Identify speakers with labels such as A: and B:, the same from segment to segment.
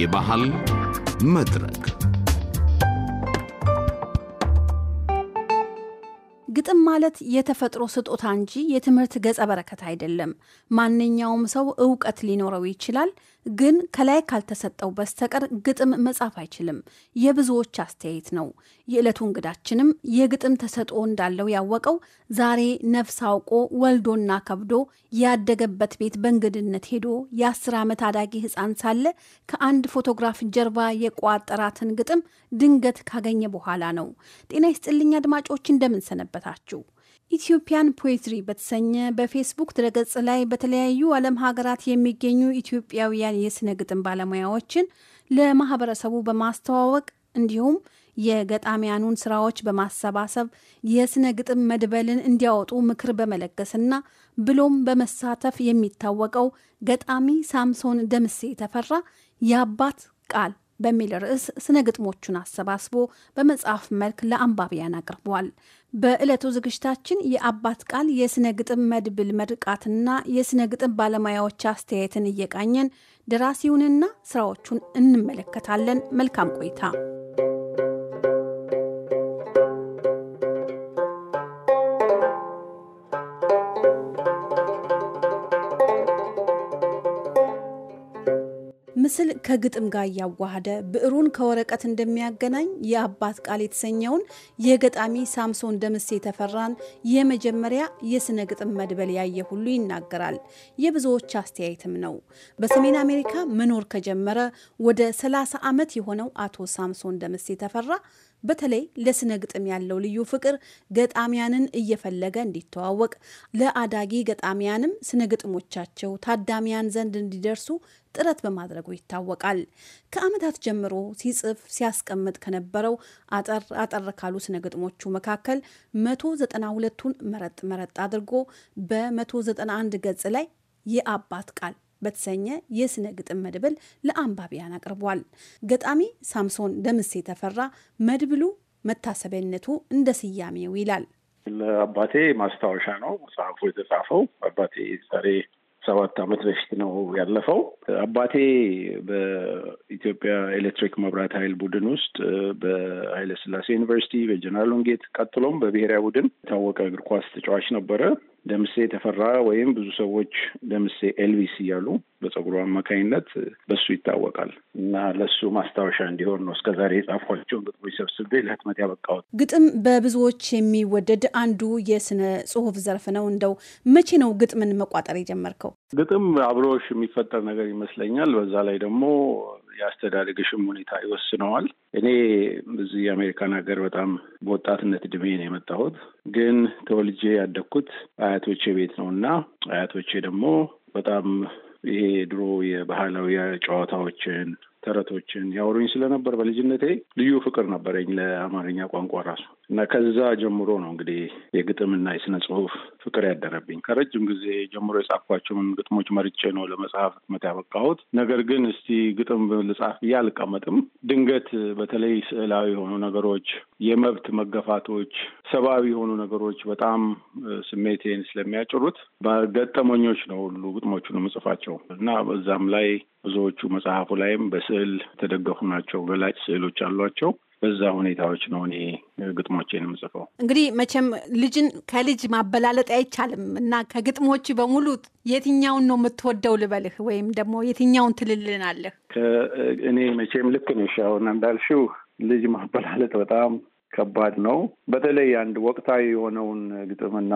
A: የባህል
B: መድረክ
C: ግጥም ማለት የተፈጥሮ ስጦታ እንጂ የትምህርት ገጸ በረከት አይደለም። ማንኛውም ሰው እውቀት ሊኖረው ይችላል፣ ግን ከላይ ካልተሰጠው በስተቀር ግጥም መጻፍ አይችልም። የብዙዎች አስተያየት ነው። የዕለቱ እንግዳችንም የግጥም ተሰጥኦ እንዳለው ያወቀው ዛሬ ነፍስ አውቆ ወልዶና ከብዶ ያደገበት ቤት በእንግድነት ሄዶ የአስር ዓመት አዳጊ ሕፃን ሳለ ከአንድ ፎቶግራፍ ጀርባ የቋጠራትን ግጥም ድንገት ካገኘ በኋላ ነው። ጤና ይስጥልኝ አድማጮች፣ እንደምን ሰነበታችሁ? ኢትዮጵያን ፖኤትሪ በተሰኘ በፌስቡክ ድረገጽ ላይ በተለያዩ ዓለም ሀገራት የሚገኙ ኢትዮጵያውያን የስነ ግጥም ባለሙያዎችን ለማህበረሰቡ በማስተዋወቅ እንዲሁም የገጣሚያኑን ስራዎች በማሰባሰብ የስነ ግጥም መድበልን እንዲያወጡ ምክር በመለገስና ብሎም በመሳተፍ የሚታወቀው ገጣሚ ሳምሶን ደምሴ ተፈራ የአባት ቃል በሚል ርዕስ ስነ ግጥሞቹን አሰባስቦ በመጽሐፍ መልክ ለአንባቢያን አቅርበዋል። በዕለቱ ዝግጅታችን የአባት ቃል የስነ ግጥም መድብል መድቃትና የስነ ግጥም ባለሙያዎች አስተያየትን እየቃኘን ደራሲውንና ስራዎቹን እንመለከታለን። መልካም ቆይታ። ምስል ከግጥም ጋር እያዋሃደ ብዕሩን ከወረቀት እንደሚያገናኝ የአባት ቃል የተሰኘውን የገጣሚ ሳምሶን ደምሴ የተፈራን የመጀመሪያ የስነ ግጥም መድበል ያየ ሁሉ ይናገራል። የብዙዎች አስተያየትም ነው። በሰሜን አሜሪካ መኖር ከጀመረ ወደ 30 ዓመት የሆነው አቶ ሳምሶን ደምሴ ተፈራ በተለይ ለስነ ግጥም ያለው ልዩ ፍቅር ገጣሚያንን እየፈለገ እንዲተዋወቅ ለአዳጊ ገጣሚያንም ስነ ግጥሞቻቸው ታዳሚያን ዘንድ እንዲደርሱ ጥረት በማድረጉ ይታወቃል። ከዓመታት ጀምሮ ሲጽፍ ሲያስቀምጥ ከነበረው አጠር አጠር ካሉ ስነ ግጥሞቹ መካከል 192ቱን መረጥ መረጥ አድርጎ በ191 ገጽ ላይ የአባት ቃል በተሰኘ የስነ ግጥም መድብል ለአንባቢያን አቅርቧል። ገጣሚ ሳምሶን ደምስ የተፈራ መድብሉ መታሰቢያነቱ እንደ ስያሜው ይላል።
B: ለአባቴ ማስታወሻ ነው መጽሐፉ የተጻፈው። አባቴ ዛሬ ሰባት ዓመት በፊት ነው ያለፈው። አባቴ በኢትዮጵያ ኤሌክትሪክ መብራት ኃይል ቡድን ውስጥ በኃይለ ስላሴ ዩኒቨርሲቲ በጀነራል ወንጌት ቀጥሎም በብሔራዊ ቡድን የታወቀ እግር ኳስ ተጫዋች ነበረ። ደምሴ ተፈራ ወይም ብዙ ሰዎች ደምሴ ኤልቪስ እያሉ በጸጉሩ አማካኝነት በሱ ይታወቃል እና ለሱ ማስታወሻ እንዲሆን ነው እስከዛሬ የጻፏቸውን ግጥሞች ሰብስቤ ለህትመት ያበቃሁት።
C: ግጥም በብዙዎች የሚወደድ አንዱ የስነ ጽሁፍ ዘርፍ ነው። እንደው መቼ ነው ግጥምን መቋጠር የጀመርከው?
B: ግጥም አብሮሽ የሚፈጠር ነገር ይመስለኛል። በዛ ላይ ደግሞ የአስተዳደግሽም ሁኔታ ይወስነዋል። እኔ እዚህ የአሜሪካን ሀገር በጣም በወጣትነት እድሜ ነው የመጣሁት፣ ግን ተወልጄ ያደግኩት አያቶቼ ቤት ነው እና አያቶቼ ደግሞ በጣም ይሄ ድሮ የባህላዊ ጨዋታዎችን ተረቶችን ያወሩኝ ስለነበር በልጅነቴ ልዩ ፍቅር ነበረኝ ለአማርኛ ቋንቋ ራሱ እና ከዛ ጀምሮ ነው እንግዲህ የግጥምና የስነ ጽሁፍ ፍቅር ያደረብኝ። ከረጅም ጊዜ ጀምሮ የጻፍኳቸውን ግጥሞች መርጬ ነው ለመጽሐፍ ህትመት ያበቃሁት። ነገር ግን እስቲ ግጥም ልጻፍ ብዬ አልቀመጥም። ድንገት በተለይ ስዕላዊ የሆኑ ነገሮች፣ የመብት መገፋቶች፣ ሰብአዊ የሆኑ ነገሮች በጣም ስሜቴን ስለሚያጭሩት በገጠመኞች ነው ሁሉ ግጥሞቹን ምጽፋቸው እና በዛም ላይ ብዙዎቹ መጽሐፉ ላይም በስዕል ስዕል የተደገፉ ናቸው። በላጭ ስዕሎች አሏቸው። በዛ ሁኔታዎች ነው እኔ ግጥሞቼን የምጽፈው።
C: እንግዲህ መቼም ልጅን ከልጅ ማበላለጥ አይቻልም እና ከግጥሞች በሙሉ የትኛውን ነው የምትወደው ልበልህ? ወይም ደግሞ የትኛውን ትልልናለህ?
B: እኔ መቼም ልክ ነሽ። አሁን እንዳልሽው ልጅ ማበላለጥ በጣም ከባድ ነው። በተለይ አንድ ወቅታዊ የሆነውን ግጥምና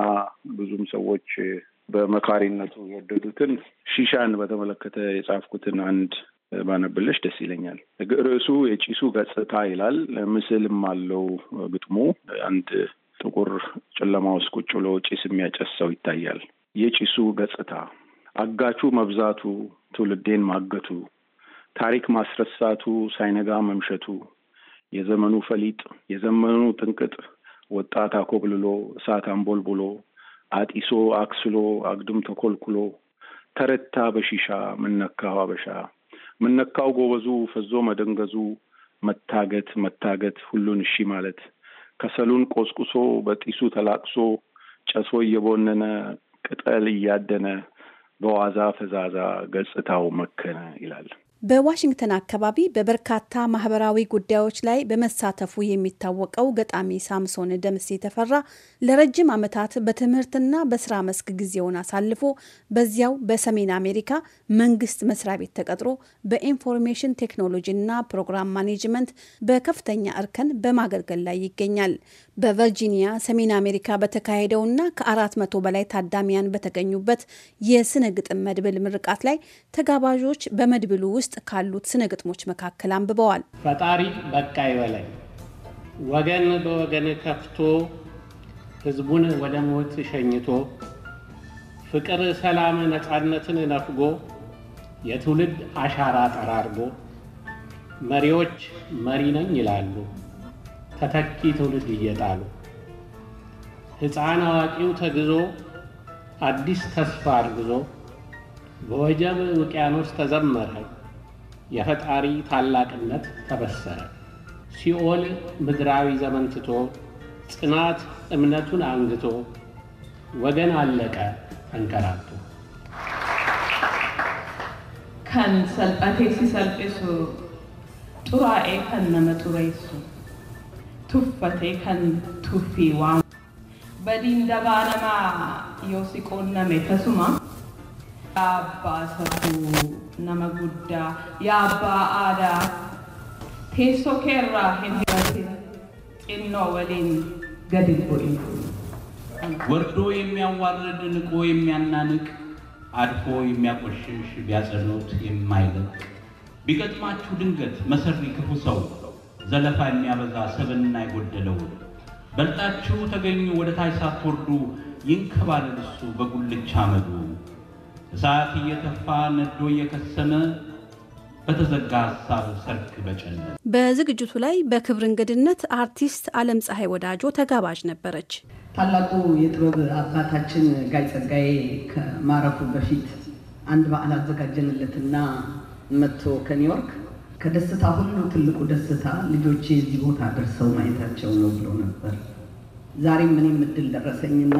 B: ብዙም ሰዎች በመካሪነቱ የወደዱትን ሺሻን በተመለከተ የጻፍኩትን አንድ ባነብልሽ ደስ ይለኛል። ርዕሱ የጭሱ ገጽታ ይላል። ምስልም አለው ግጥሙ። አንድ ጥቁር ጨለማ ውስጥ ቁጭ ብሎ ጭስ የሚያጨስ ሰው ይታያል። የጭሱ ገጽታ አጋቹ መብዛቱ፣ ትውልዴን ማገቱ፣ ታሪክ ማስረሳቱ፣ ሳይነጋ መምሸቱ፣ የዘመኑ ፈሊጥ፣ የዘመኑ ጥንቅጥ፣ ወጣት አኮብልሎ፣ እሳት አንቦልቡሎ፣ አጢሶ አክስሎ፣ አግድም ተኮልኩሎ፣ ተረታ በሺሻ ምነካው አበሻ ምነካው ጎበዙ ፈዞ መደንገዙ መታገት መታገት ሁሉን እሺ ማለት ከሰሉን ቆስቁሶ በጢሱ ተላቅሶ ጨሶ እየቦነነ ቅጠል እያደነ በዋዛ ፈዛዛ ገጽታው መከነ ይላል።
C: በዋሽንግተን አካባቢ በበርካታ ማህበራዊ ጉዳዮች ላይ በመሳተፉ የሚታወቀው ገጣሚ ሳምሶን ደምሴ ተፈራ ለረጅም ዓመታት በትምህርትና በስራ መስክ ጊዜውን አሳልፎ በዚያው በሰሜን አሜሪካ መንግስት መስሪያ ቤት ተቀጥሮ በኢንፎርሜሽን ቴክኖሎጂና ፕሮግራም ማኔጅመንት በከፍተኛ እርከን በማገልገል ላይ ይገኛል። በቨርጂኒያ ሰሜን አሜሪካ በተካሄደውና ከአራት መቶ በላይ ታዳሚያን በተገኙበት የስነ ግጥም መድብል ምርቃት ላይ ተጋባዦች በመድብሉ ውስጥ ውስጥ ካሉት ስነ ግጥሞች መካከል አንብበዋል።
B: ፈጣሪ በቃ ይበለኝ ወገን በወገን ከፍቶ ህዝቡን ወደ ሞት ሸኝቶ ፍቅር፣ ሰላም፣ ነፃነትን ነፍጎ የትውልድ አሻራ ጠራርጎ መሪዎች መሪ ነኝ ይላሉ ተተኪ ትውልድ እየጣሉ ሕፃን አዋቂው ተግዞ አዲስ ተስፋ አርግዞ በወጀብ ውቅያኖስ ተዘመረ የፈጣሪ ታላቅነት ተበሰረ። ሲኦል ምድራዊ ዘመን ትቶ ጽናት እምነቱን አንግቶ ወገን አለቀ ተንከራቶ።
C: ከን ሰልጠቴ ሲሰልጤሱ ጡራኤ ከነመ ጡረይሱ ቱፈቴ ከን ቱፊ ዋ በዲን ደባለማ ዮሲቆነሜ ተሱማ የአባ safuu nama የአባ አዳ abbaa aadaa teessoo kee irraa hin
A: ወርዶ የሚያዋርድ ንቆ የሚያናንቅ አድፎ የሚያቆሽሽ ቢያጸኑት የማይለቅ ቢገጥማችሁ ድንገት መሰሪ ክፉ ሰው ዘለፋ የሚያበዛ ስብዕና የጎደለው በልጣችሁ ተገኙ ወደ ታች ሳትወርዱ ይንከባለል እሱ በጉልቻ አመዱ እሳት እየተፋ ነዶ እየከሰመ በተዘጋ ሀሳብ ሰርክ በጨለመ።
C: በዝግጅቱ ላይ በክብር እንግድነት አርቲስት አለም ፀሐይ ወዳጆ ተጋባዥ ነበረች። ታላቁ የጥበብ አባታችን ጋይ ጸጋዬ ከማረፉ በፊት አንድ በዓል አዘጋጀንለትና መጥቶ ከኒውዮርክ ከደስታ ሁሉ ትልቁ ደስታ ልጆቼ እዚህ ቦታ ደርሰው ማየታቸው ነው ብሎ ነበር። ዛሬም እኔም እድል ደረሰኝና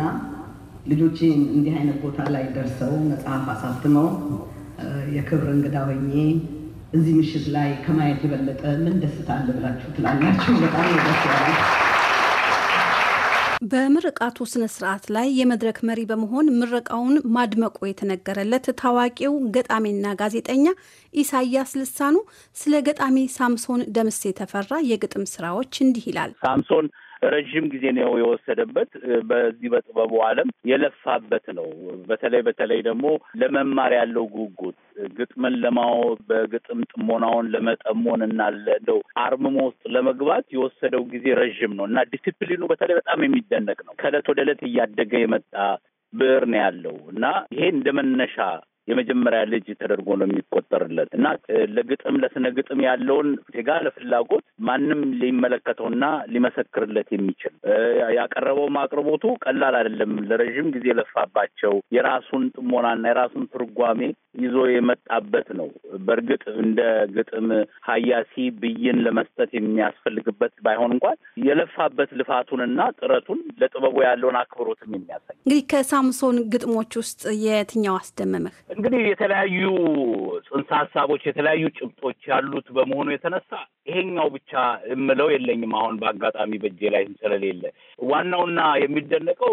C: ልጆች እንዲህ አይነት ቦታ ላይ ደርሰው መጽሐፍ አሳትመው የክብር እንግዳ ሆኜ እዚህ ምሽት ላይ ከማየት የበለጠ ምን ደስታ አለ ብላችሁ ትላላችሁ? በጣም ደስ በምርቃቱ ስነ ስርዓት ላይ የመድረክ መሪ በመሆን ምረቃውን ማድመቁ የተነገረለት ታዋቂው ገጣሚና ጋዜጠኛ ኢሳያስ ልሳኑ ስለ ገጣሚ ሳምሶን ደምሴ የተፈራ የግጥም ስራዎች እንዲህ ይላል።
A: ሳምሶን ረዥም ጊዜ ነው የወሰደበት። በዚህ በጥበቡ ዓለም የለፋበት ነው። በተለይ በተለይ ደግሞ ለመማር ያለው ጉጉት ግጥምን ለማወ በግጥም ጥሞናውን ለመጠሞን እና አርምሞ ውስጥ ለመግባት የወሰደው ጊዜ ረዥም ነው እና ዲሲፕሊኑ በተለይ በጣም የሚደነቅ ነው። ከእለት ወደ እለት እያደገ የመጣ ብዕር ነው ያለው እና ይሄ እንደ መነሻ የመጀመሪያ ልጅ ተደርጎ ነው የሚቆጠርለት እና ለግጥም ለስነ ግጥም ያለውን የጋለ ፍላጎት ማንም ሊመለከተውና ሊመሰክርለት የሚችል ያቀረበውም አቅርቦቱ ቀላል አይደለም። ለረዥም ጊዜ ለፋባቸው የራሱን ጥሞናና የራሱን ትርጓሜ ይዞ የመጣበት ነው። በእርግጥ እንደ ግጥም ሀያሲ ብይን ለመስጠት የሚያስፈልግበት ባይሆን እንኳን የለፋበት ልፋቱንና ጥረቱን ለጥበቡ ያለውን አክብሮትም የሚያሳይ
C: እንግዲህ ከሳምሶን ግጥሞች ውስጥ የትኛው አስደመመህ? እንግዲህ
A: የተለያዩ ጽንሰ ሀሳቦች የተለያዩ ጭብጦች ያሉት በመሆኑ የተነሳ ይሄኛው ብቻ እምለው የለኝም። አሁን በአጋጣሚ በእጄ ላይ ስለሌለ ዋናውና የሚደነቀው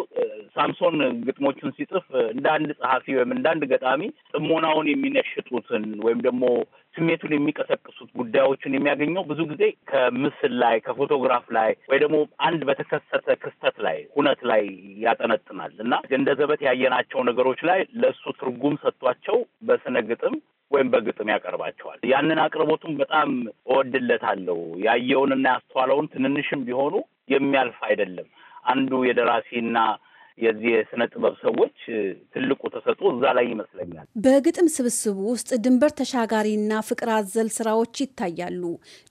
A: ሳምሶን ግጥሞቹን ሲጽፍ እንደ አንድ ጸሐፊ ወይም እንደ አንድ ገጣሚ ጥሞና ጫናውን የሚነሽጡትን ወይም ደግሞ ስሜቱን የሚቀሰቅሱት ጉዳዮችን የሚያገኘው ብዙ ጊዜ ከምስል ላይ ከፎቶግራፍ ላይ ወይ ደግሞ አንድ በተከሰተ ክስተት ላይ ሁነት ላይ ያጠነጥናል እና እንደ ዘበት ያየናቸው ነገሮች ላይ ለእሱ ትርጉም ሰጥቷቸው በስነ ግጥም ወይም በግጥም ያቀርባቸዋል። ያንን አቅርቦቱም በጣም እወድለታለሁ። ያየውንና ያስተዋለውን ትንንሽም ቢሆኑ የሚያልፍ አይደለም። አንዱ የደራሲና የዚህ የስነ ጥበብ ሰዎች ትልቁ ተሰጥኦ እዛ ላይ ይመስለኛል።
C: በግጥም ስብስቡ ውስጥ ድንበር ተሻጋሪና ፍቅር አዘል ስራዎች ይታያሉ።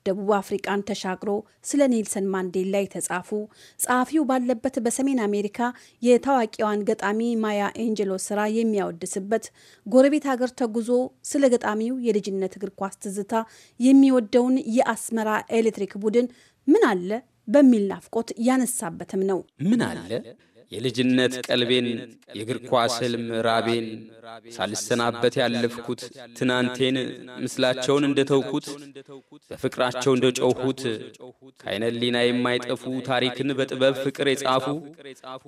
C: ደቡብ አፍሪቃን ተሻግሮ ስለ ኔልሰን ማንዴላ የተጻፉ ጸሐፊው ባለበት በሰሜን አሜሪካ የታዋቂዋን ገጣሚ ማያ ኤንጀሎ ስራ የሚያወድስበት ጎረቤት ሀገር ተጉዞ ስለ ገጣሚው የልጅነት እግር ኳስ ትዝታ የሚወደውን የአስመራ ኤሌክትሪክ ቡድን ምን አለ በሚል ናፍቆት ያነሳበትም ነው። ምን አለ
A: የልጅነት ቀልቤን የእግር ኳስ ህልም ራቤን ሳልሰናበት ያለፍኩት ትናንቴን ምስላቸውን እንደ ተውኩት በፍቅራቸው እንደ ጮሁት ከአይነሊና የማይጠፉ ታሪክን በጥበብ ፍቅር የጻፉ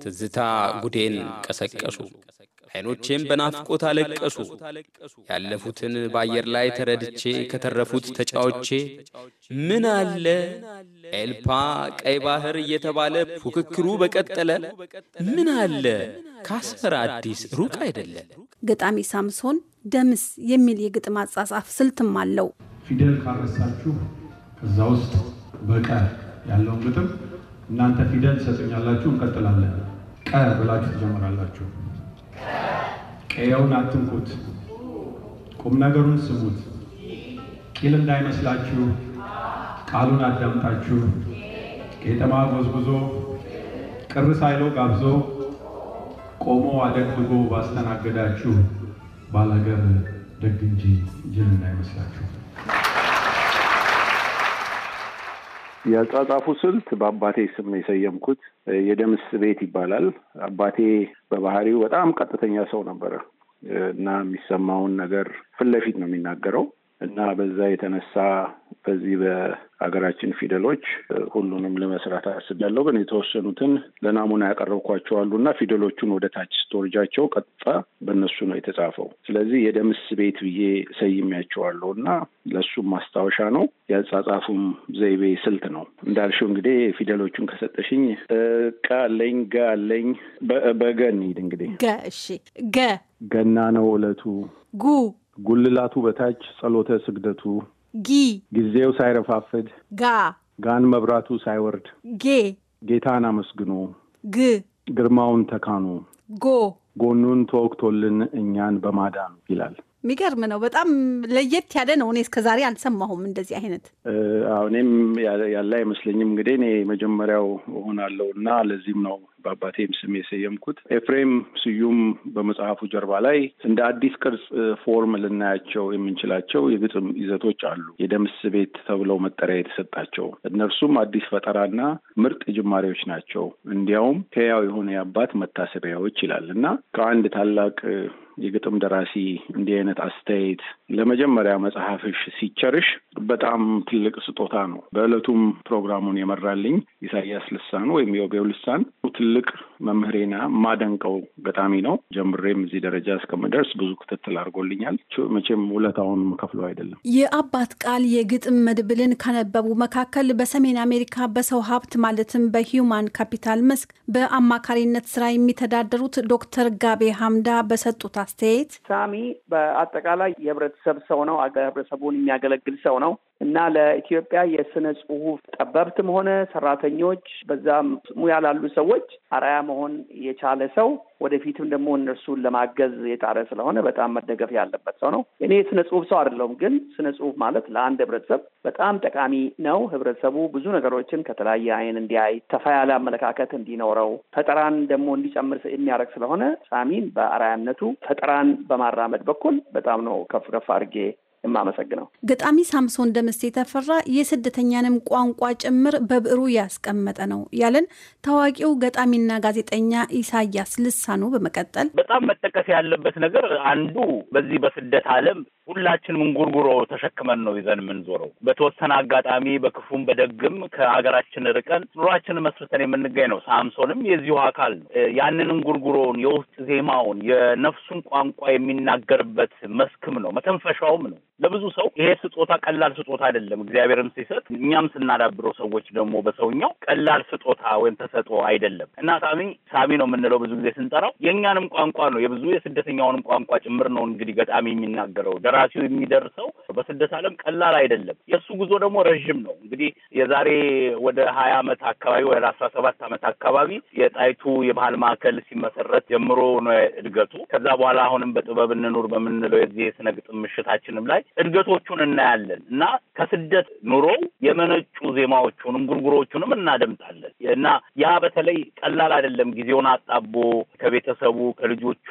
A: ትዝታ ጉዴን ቀሰቀሱ። አይኖቼም በናፍቆት አለቀሱ። ያለፉትን በአየር ላይ ተረድቼ ከተረፉት ተጫዎቼ ምን አለ ኤልፓ ቀይ ባህር እየተባለ ፉክክሩ በቀጠለ ምን አለ ካስፈር አዲስ ሩቅ
C: አይደለም። ገጣሚ ሳምሶን ደምስ የሚል የግጥም አጻጻፍ ስልትም አለው።
B: ፊደል ካረሳችሁ እዛ ውስጥ በቀር ያለውን ግጥም እናንተ ፊደል ትሰጡኛላችሁ፣ እንቀጥላለን። ቀ ብላችሁ ትጀምራላችሁ ቀየውን አትንኩት፣ ቁም ነገሩን ስሙት። ቂል እንዳይመስላችሁ ቃሉን አዳምጣችሁ ቄጠማ ጎዝጉዞ ቅር ሳይሎ ጋብዞ ቆሞ አደግድጎ ባስተናገዳችሁ ባላገር ደግ እንጂ ጅል እንዳይመስላችሁ። ያጻጻፉ ስልት በአባቴ ስም የሰየምኩት የደምስ ቤት ይባላል። አባቴ በባህሪው በጣም ቀጥተኛ ሰው ነበረ እና የሚሰማውን ነገር ፊት ለፊት ነው የሚናገረው እና በዛ የተነሳ በዚህ ሀገራችን ፊደሎች ሁሉንም ለመስራት አስቤያለሁ። ግን የተወሰኑትን ለናሙና ያቀረብኳቸው አሉና ፊደሎቹን ወደ ታች ስቶርጃቸው ቀጥታ በእነሱ ነው የተጻፈው። ስለዚህ የደምስ ቤት ብዬ ሰይሜያቸዋለሁ እና ለእሱም ማስታወሻ ነው። የአጻጻፉም ዘይቤ ስልት ነው እንዳልሽው። እንግዲህ ፊደሎቹን ከሰጠሽኝ ቃለኝ ጋለኝ በገን ሂድ እንግዲህ
C: ገ እሺ ገ
B: ገና ነው እለቱ ጉ ጉልላቱ በታች ጸሎተ ስግደቱ ጊ ጊዜው ሳይረፋፍድ፣ ጋ ጋን መብራቱ ሳይወርድ፣ ጌ ጌታን አመስግኖ፣ ግ ግርማውን ተካኖ፣ ጎ ጎኑን ተወቅቶልን እኛን በማዳኑ ይላል።
C: የሚገርም ነው። በጣም ለየት ያለ ነው። እኔ እስከዛሬ አልሰማሁም እንደዚህ አይነት።
B: እኔም ያለ አይመስለኝም። እንግዲህ እኔ መጀመሪያው ሆናለው እና ለዚህም ነው በአባቴም ስም የሰየምኩት ኤፍሬም ስዩም በመጽሐፉ ጀርባ ላይ እንደ አዲስ ቅርጽ ፎርም ልናያቸው የምንችላቸው የግጥም ይዘቶች አሉ። የደምስ ቤት ተብለው መጠሪያ የተሰጣቸው እነርሱም አዲስ ፈጠራና ምርጥ ጅማሬዎች ናቸው። እንዲያውም ከያው የሆነ የአባት መታሰቢያዎች ይላል እና ከአንድ ታላቅ የግጥም ደራሲ እንዲህ አይነት አስተያየት ለመጀመሪያ መጽሐፍሽ ሲቸርሽ በጣም ትልቅ ስጦታ ነው። በእለቱም ፕሮግራሙን የመራልኝ ኢሳያስ ልሳን ወይም የኦቤው ልሳን ትልቅ መምህሬና ማደንቀው ገጣሚ ነው። ጀምሬም እዚህ ደረጃ እስከምደርስ ብዙ ክትትል አድርጎልኛል። መቼም ውለታውን ከፍሎ አይደለም።
C: የአባት ቃል የግጥም መድብልን ካነበቡ መካከል በሰሜን አሜሪካ በሰው ሀብት ማለትም በሂውማን ካፒታል መስክ በአማካሪነት ስራ የሚተዳደሩት ዶክተር ጋቤ ሀምዳ በሰጡት አስተያየት? ሳሚ
A: በአጠቃላይ የህብረተሰብ ሰው ነው። ህብረተሰቡን የሚያገለግል ሰው ነው። እና ለኢትዮጵያ የስነ ጽሁፍ ጠበብትም ሆነ ሰራተኞች በዛም ሙያ ላሉ ሰዎች አርአያ መሆን የቻለ ሰው ወደፊትም ደግሞ እነርሱን ለማገዝ የጣረ ስለሆነ በጣም መደገፍ ያለበት ሰው ነው። እኔ የስነ ጽሁፍ ሰው አይደለሁም፣ ግን ስነ ጽሁፍ ማለት ለአንድ ህብረተሰብ በጣም ጠቃሚ ነው። ህብረተሰቡ ብዙ ነገሮችን ከተለያየ አይን እንዲያይ፣ ተፋ ያለ አመለካከት እንዲኖረው፣ ፈጠራን ደግሞ እንዲጨምር የሚያደርግ ስለሆነ ሳሚን በአርአያነቱ ፈጠራን በማራመድ በኩል በጣም ነው ከፍ ከፍ አድርጌ የማመሰግነው።
C: ገጣሚ ሳምሶን ደምሴ የተፈራ የስደተኛንም ቋንቋ ጭምር በብዕሩ ያስቀመጠ ነው ያለን ታዋቂው ገጣሚና ጋዜጠኛ ኢሳያስ ልሳኑ በመቀጠል በጣም
A: መጠቀስ ያለበት ነገር አንዱ በዚህ በስደት ዓለም ሁላችንም እንጉርጉሮ ተሸክመን ነው ይዘን የምንዞረው። በተወሰነ አጋጣሚ በክፉም በደግም ከሀገራችን ርቀን ኑሯችንን መስርተን የምንገኝ ነው። ሳምሶንም የዚሁ አካል ነው። ያንን እንጉርጉሮውን የውስጥ ዜማውን የነፍሱን ቋንቋ የሚናገርበት መስክም ነው፣ መተንፈሻውም ነው። ለብዙ ሰው ይሄ ስጦታ ቀላል ስጦታ አይደለም። እግዚአብሔርም ሲሰጥ እኛም ስናዳብረው ሰዎች ደግሞ በሰውኛው ቀላል ስጦታ ወይም ተሰጦ አይደለም እና ሳሚ ሳሚ ነው የምንለው ብዙ ጊዜ ስንጠራው የእኛንም ቋንቋ ነው የብዙ የስደተኛውንም ቋንቋ ጭምር ነው። እንግዲህ ገጣሚ የሚናገረው ደራሲው የሚደርሰው በስደት ዓለም ቀላል አይደለም። የእሱ ጉዞ ደግሞ ረዥም ነው። እንግዲህ የዛሬ ወደ ሀያ ዓመት አካባቢ ወደ አስራ ሰባት ዓመት አካባቢ የጣይቱ የባህል ማዕከል ሲመሰረት ጀምሮ ነው እድገቱ። ከዛ በኋላ አሁንም በጥበብ እንኑር በምንለው የዚህ የስነ ግጥም ምሽታችንም ላይ እድገቶቹን እናያለን እና ከስደት ኑሮው የመነጩ ዜማዎቹንም ጉርጉሮቹንም እናደምጣለን እና ያ በተለይ ቀላል አይደለም። ጊዜውን አጣቦ ከቤተሰቡ ከልጆቹ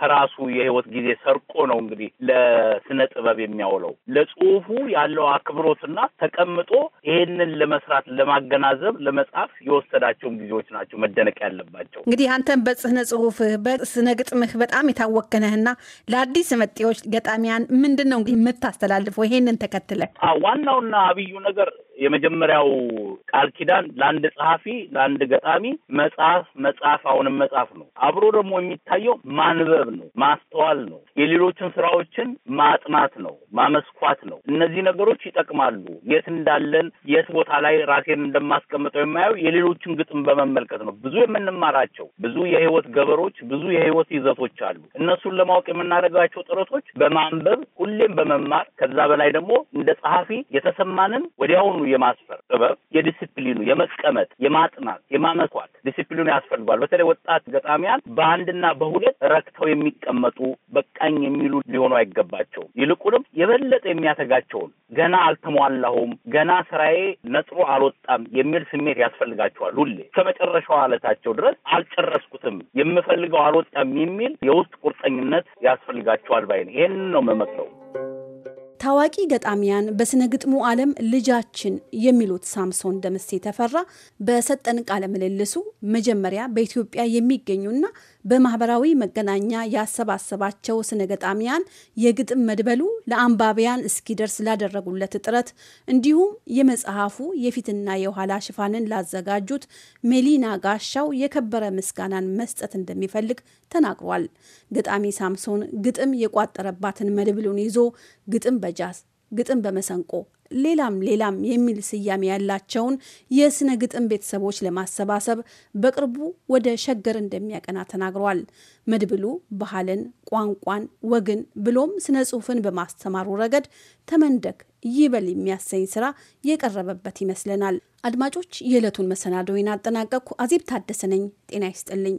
A: ከራሱ የህይወት ጊዜ ሰርቆ ነው እንግዲህ ለስነ ጥበብ የሚያውለው ለጽሁፉ ያለው አክብሮትና ተቀምጦ ይሄንን ለመስራት ለማገናዘብ ለመጻፍ የወሰዳቸውን ጊዜዎች ናቸው መደነቅ ያለባቸው። እንግዲህ
C: አንተን በስነ ጽሁፍህ በስነ ግጥምህ በጣም የታወቅህ ለአዲስ መጤዎች ገጣሚያን ምንድን ነው እንግዲህ የምታስተላልፈው ይሄንን ተከትለ?
A: ዋናውና አብዩ ነገር የመጀመሪያው ቃል ኪዳን ለአንድ ጸሐፊ ለአንድ ገጣሚ መጽሐፍ መጽሐፍ አሁንም መጽሐፍ ነው። አብሮ ደግሞ የሚታየው ማንበብ ነው፣ ማስተዋል ነው፣ የሌሎችን ስራዎችን ማጥናት ነው፣ ማመስኳት ነው። እነዚህ ነገሮች ይጠቅማሉ። የት እንዳለን የት ቦታ ላይ ራሴን እንደማስቀምጠው የማየው የሌሎችን ግጥም በመመልከት ነው። ብዙ የምንማራቸው ብዙ የህይወት ገበሮች፣ ብዙ የህይወት ይዘቶች አሉ። እነሱን ለማወቅ የምናደርጋቸው ጥረቶች በማንበብ ሁሌም በመማር ከዛ በላይ ደግሞ እንደ ጸሐፊ የተሰማንን ወዲያውኑ የማስፈር ጥበብ፣ የዲስፕሊኑ የመቀመጥ የማጥናት የማመኳት ዲስፕሊኑ ያስፈልጓል። በተለይ ወጣት ገጣሚያን በአንድና በሁለት ረክተው የሚቀመጡ በቃኝ የሚሉ ሊሆኑ አይገባቸውም። ይልቁንም የበለጠ የሚያተጋቸውን ገና አልተሟላሁም፣ ገና ስራዬ ነጥሮ አልወጣም የሚል ስሜት ያስፈልጋቸዋል። ሁሌ ከመጨረሻው አለታቸው ድረስ አልጨረስኩትም፣ የምፈልገው አልወጣም የሚል የውስጥ ቁርጠኝነት ያስፈልጋቸዋል ባይ ነው። ይህንን ነው መመክረው።
C: ታዋቂ ገጣሚያን በስነ ግጥሙ ዓለም ልጃችን የሚሉት ሳምሶን ደምሴ ተፈራ በሰጠን ቃለ ምልልሱ መጀመሪያ በኢትዮጵያ የሚገኙና በማህበራዊ መገናኛ ያሰባሰባቸው ስነ ገጣሚያን የግጥም መድበሉ ለአንባቢያን እስኪደርስ ላደረጉለት ጥረት እንዲሁም የመጽሐፉ የፊትና የኋላ ሽፋንን ላዘጋጁት ሜሊና ጋሻው የከበረ ምስጋናን መስጠት እንደሚፈልግ ተናግሯል። ገጣሚ ሳምሶን ግጥም የቋጠረባትን መድብሉን ይዞ ግጥም በጃዝ ግጥም በመሰንቆ ሌላም ሌላም የሚል ስያሜ ያላቸውን የስነ ግጥም ቤተሰቦች ለማሰባሰብ በቅርቡ ወደ ሸገር እንደሚያቀና ተናግረዋል። መድብሉ ባህልን፣ ቋንቋን፣ ወግን ብሎም ስነ ጽሁፍን በማስተማሩ ረገድ ተመንደክ ይበል የሚያሰኝ ስራ የቀረበበት ይመስለናል። አድማጮች፣ የዕለቱን መሰናዶዬን አጠናቀቅኩ። አዜብ ታደሰ ነኝ። ጤና ይስጥልኝ።